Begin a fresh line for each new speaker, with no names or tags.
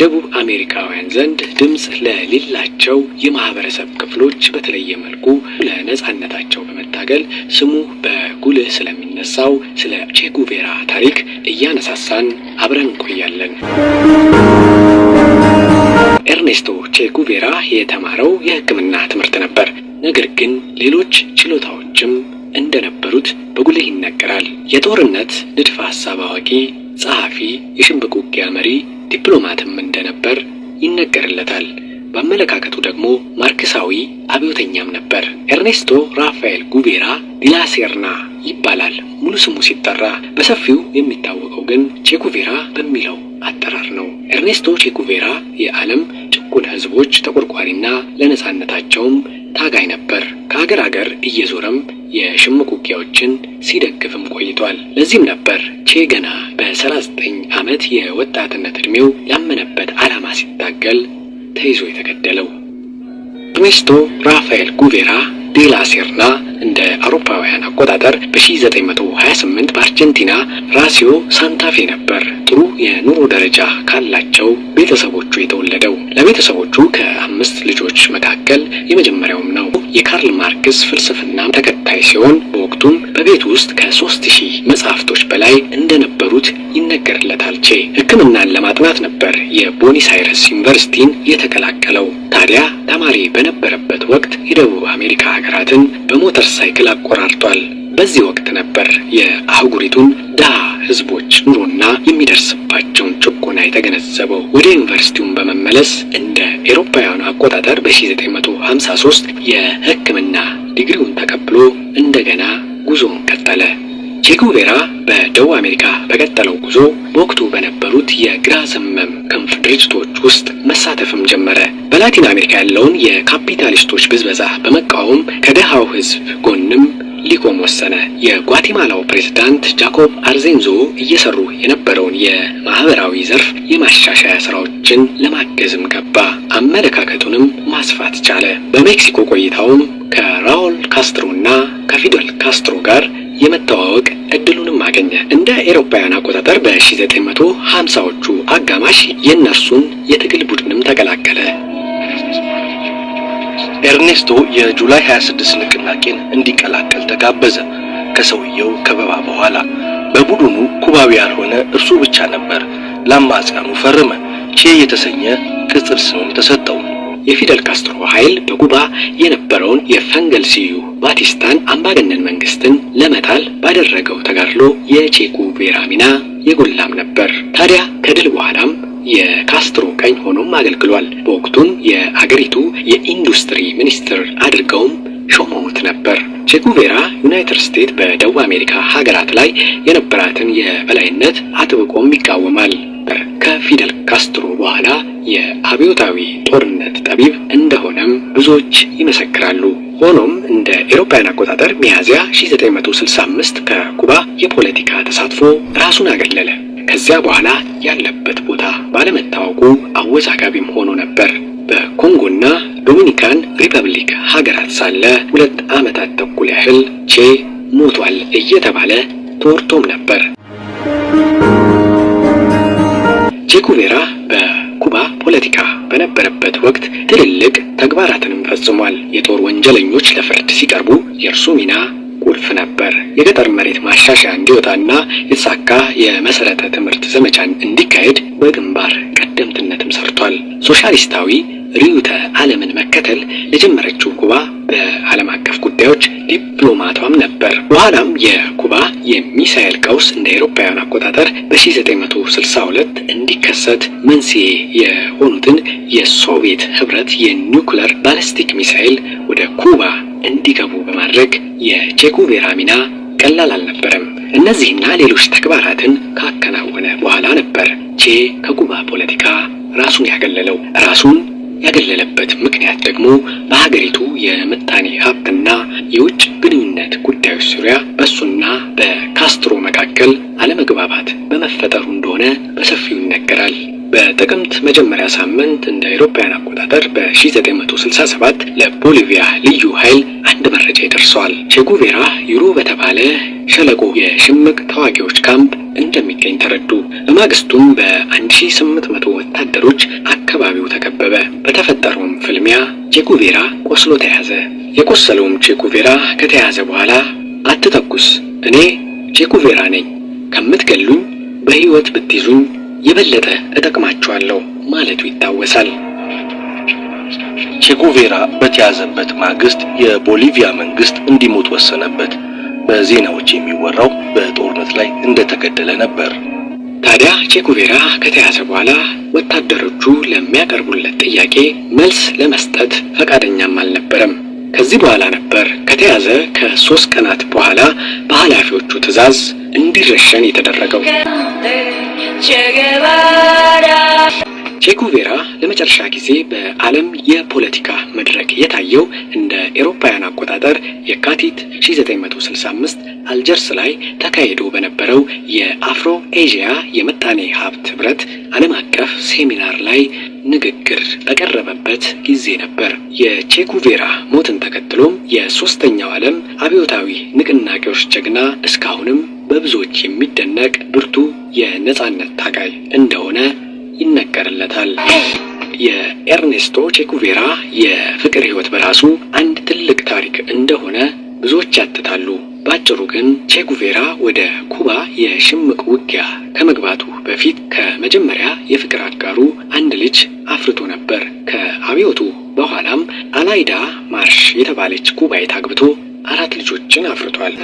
ደቡብ አሜሪካውያን ዘንድ ድምፅ ለሌላቸው የማህበረሰብ ክፍሎች በተለየ መልኩ ለነጻነታቸው በመታገል ስሙ በጉልህ ስለሚነሳው ስለ ቼጉቬራ ታሪክ እያነሳሳን አብረን እንቆያለን። ኤርኔስቶ ቼጉቬራ የተማረው የሕክምና ትምህርት ነበር። ነገር ግን ሌሎች ችሎታዎችም እንደነበሩት በጉልህ ይነገራል። የጦርነት ንድፈ ሀሳብ አዋቂ፣ ጸሐፊ፣ የሽምቅ ውጊያ መሪ ዲፕሎማትም እንደነበር ይነገርለታል። በአመለካከቱ ደግሞ ማርክሳዊ አብዮተኛም ነበር። ኤርኔስቶ ራፋኤል ጉቤራ ዲላሴርና ይባላል ሙሉ ስሙ ሲጠራ፣ በሰፊው የሚታወቀው ግን ቼጉቬራ በሚለው አጠራር ነው። ኤርኔስቶ ቼጉቬራ የዓለም ጭቁን ህዝቦች ተቆርቋሪና ለነጻነታቸውም ታጋይ ነበር። ከሀገር ሀገር እየዞረም የሽምቅ ውጊያዎችን ሲደግፍም ቆይቷል። ለዚህም ነበር ቼ ገና በ39 ዓመት የወጣትነት ዕድሜው ላመነበት ዓላማ ሲታገል ተይዞ የተገደለው። ኤርኔስቶ ራፋኤል ጉቬራ ዴላ ሴርና እንደ አውሮፓውያን አቆጣጠር በ1928 በአርጀንቲና ራሲዮ ሳንታፌ ነበር ጥሩ የኑሮ ደረጃ ካላቸው ቤተሰቦቹ የተወለደው። ለቤተሰቦቹ ከአምስት ልጆች መካከል የመጀመሪያውም ነው። የካርል ማርክስ ፍልስፍና ተከታይ ሲሆን በወቅቱም በቤት ውስጥ ከሶስት ሺህ መጽሐፍቶች በላይ እንደነበሩት ይነገርለታል። ቼ ሕክምናን ለማጥናት ነበር የቦኒስ አይረስ ዩኒቨርሲቲን የተቀላቀለው። ታዲያ ተማሪ በነበረበት ወቅት የደቡብ አሜሪካ ሀገራትን በሞተር ሳይክል አቆራርጧል። በዚህ ወቅት ነበር የአህጉሪቱን ድሃ ህዝቦች ኑሮና የሚደርስባቸውን ጭቆና የተገነዘበው። ወደ ዩኒቨርሲቲውን በመመለስ እንደ ኤሮፓውያኑ አቆጣጠር በ1953 የሕክምና ዲግሪውን ተቀብሎ እንደገና ጉዞውን ቀጠለ። ቼጉቬራ በደቡብ አሜሪካ በቀጠለው ጉዞ በወቅቱ በነበሩት የግራ ዘመም ክንፍ ድርጅቶች ውስጥ መሳተፍም ጀመረ። በላቲን አሜሪካ ያለውን የካፒታሊስቶች ብዝበዛ በመቃወም ከደሃው ህዝብ ጎንም ሊቆም ወሰነ። የጓቲማላው ፕሬዝዳንት ጃኮብ አርዜንዞ እየሰሩ የነበረውን የማህበራዊ ዘርፍ የማሻሻያ ስራዎችን ለማገዝም ገባ። አመለካከቱንም ማስፋት ቻለ። በሜክሲኮ ቆይታውም ከራውል ካስትሮና ከፊደል ካስትሮ ጋር የመተዋወቅ እድሉንም አገኘ። እንደ ኤሮፓውያን አቆጣጠር በ1950ዎቹ አጋማሽ የእነርሱን የትግል ቡድንም ተቀላቀለ። ኤርኔስቶ የጁላይ 26 ንቅናቄን እንዲቀላቀል ተጋበዘ። ከሰውየው ከበባ በኋላ በቡድኑ ኩባዊ ያልሆነ እርሱ ብቻ ነበር። ለአማጽያኑ ፈረመ። ቼ የተሰኘ ቅጽል ስም ተሰጠው። የፊደል ካስትሮ ኃይል በጉባ የነበረውን የፈንገል ሲዩ ባቲስታን አምባገነን መንግስትን ለመጣል ባደረገው ተጋድሎ የቼኩ ቬራ ሚና የጎላም ነበር። ታዲያ ከድል በኋላም የካስትሮ ቀኝ ሆኖም አገልግሏል። በወቅቱም የአገሪቱ የኢንዱስትሪ ሚኒስትር አድርገውም ሾመውት ነበር። ቼጉቬራ ዩናይትድ ስቴትስ በደቡብ አሜሪካ ሀገራት ላይ የነበራትን የበላይነት አጥብቆም ይቃወማል። ከፊደል ካስትሮ በኋላ የአብዮታዊ ጦርነት ጠቢብ እንደሆነም ብዙዎች ይመሰክራሉ። ሆኖም እንደ ኤሮፓያን አቆጣጠር ሚያዝያ 1965 ከኩባ የፖለቲካ ተሳትፎ ራሱን አገለለ። ከዚያ በኋላ ያለበት ቦታ ባለመታወቁ አወዛጋቢም ሆኖ ነበር። በኮንጎና ዶሚኒካን ሪፐብሊክ ሀገራት ሳለ ሁለት ዓመታት ተኩል ያህል ቼ ሞቷል እየተባለ ተወርቶም ነበር። ቼኩቬራ በኩባ ፖለቲካ በነበረበት ወቅት ትልልቅ ተግባራትንም ፈጽሟል። የጦር ወንጀለኞች ለፍርድ ሲቀርቡ የእርሱ ሚና ቁልፍ ነበር። የገጠር መሬት ማሻሻያ እንዲወጣና የተሳካ የመሰረተ ትምህርት ዘመቻን እንዲካሄድ በግንባር ቀደምትነትም ሰርቷል። ሶሻሊስታዊ ርዕዮተ ዓለምን መከተል የጀመረችው ኩባ በዓለም አቀፍ ጉዳዮች ዲፕሎማቷም ነበር። በኋላም የኩባ የሚሳኤል ቀውስ እንደ አውሮፓውያን አቆጣጠር በ1962 እንዲከሰት መንስኤ የሆኑትን የሶቪየት ህብረት የኒውክለር ባለስቲክ ሚሳኤል ወደ ኩባ እንዲገቡ በማድረግ የቼጉቬራ ሚና ቀላል አልነበረም። እነዚህና ሌሎች ተግባራትን ካከናወነ በኋላ ነበር ቼ ከኩባ ፖለቲካ ራሱን ያገለለው ራሱን ያገለለበት ምክንያት ደግሞ በሀገሪቱ የምጣኔ ሀብትና የውጭ ግንኙነት ጉዳዮች ዙሪያ በእሱና በካስትሮ መካከል አለመግባባት በመፈጠሩ እንደሆነ በሰፊው ይነገራል። በጥቅምት መጀመሪያ ሳምንት እንደ አውሮፓውያን አቆጣጠር በ1967 ለቦሊቪያ ልዩ ኃይል አንድ መረጃ ይደርሰዋል። ቼጉቬራ ዩሮ በተባለ ሸለቆ የሽምቅ ተዋጊዎች ካምፕ እንደሚገኝ ተረዱ። በማግስቱም በ1800 ወታደሮች አካባቢው ተከበበ። በተፈጠረውም ፍልሚያ ቼኩቬራ ቆስሎ ተያዘ። የቆሰለውም ቼኩቬራ ከተያዘ በኋላ አትተኩስ፣ እኔ ቼኩቬራ ነኝ፣ ከምትገሉኝ በሕይወት ብትይዙኝ የበለጠ እጠቅማችኋለሁ ማለቱ ይታወሳል። ቼኩቬራ በተያዘበት ማግስት የቦሊቪያ መንግስት እንዲሞት ወሰነበት። በዜናዎች የሚወራው በጦርነት ላይ እንደተገደለ ነበር። ታዲያ ቼኩቬራ ከተያዘ በኋላ ወታደሮቹ ለሚያቀርቡለት ጥያቄ መልስ ለመስጠት ፈቃደኛም አልነበረም። ከዚህ በኋላ ነበር ከተያዘ ከሶስት ቀናት በኋላ በኃላፊዎቹ ትዕዛዝ እንዲረሸን የተደረገው። ቼጉቬራ ለመጨረሻ ጊዜ በዓለም የፖለቲካ መድረክ የታየው እንደ ኤሮፓውያን አቆጣጠር የካቲት 1965 አልጀርስ ላይ ተካሂዶ በነበረው የአፍሮ ኤዥያ የመጣኔ ሀብት ህብረት ዓለም አቀፍ ሴሚናር ላይ ንግግር በቀረበበት ጊዜ ነበር። የቼጉቬራ ሞትን ተከትሎም የሶስተኛው ዓለም አብዮታዊ ንቅናቄዎች ጀግና እስካሁንም በብዙዎች የሚደነቅ ብርቱ የነጻነት ታጋይ እንደሆነ ይነገርለታል። የኤርኔስቶ ቼኩቬራ የፍቅር ህይወት በራሱ አንድ ትልቅ ታሪክ እንደሆነ ብዙዎች ያትታሉ። ባጭሩ ግን ቼጉቬራ ወደ ኩባ የሽምቅ ውጊያ ከመግባቱ በፊት ከመጀመሪያ የፍቅር አጋሩ አንድ ልጅ አፍርቶ ነበር። ከአብዮቱ በኋላም አላይዳ ማርሽ የተባለች ኩባይት አግብቶ አራት ልጆችን አፍርቷል።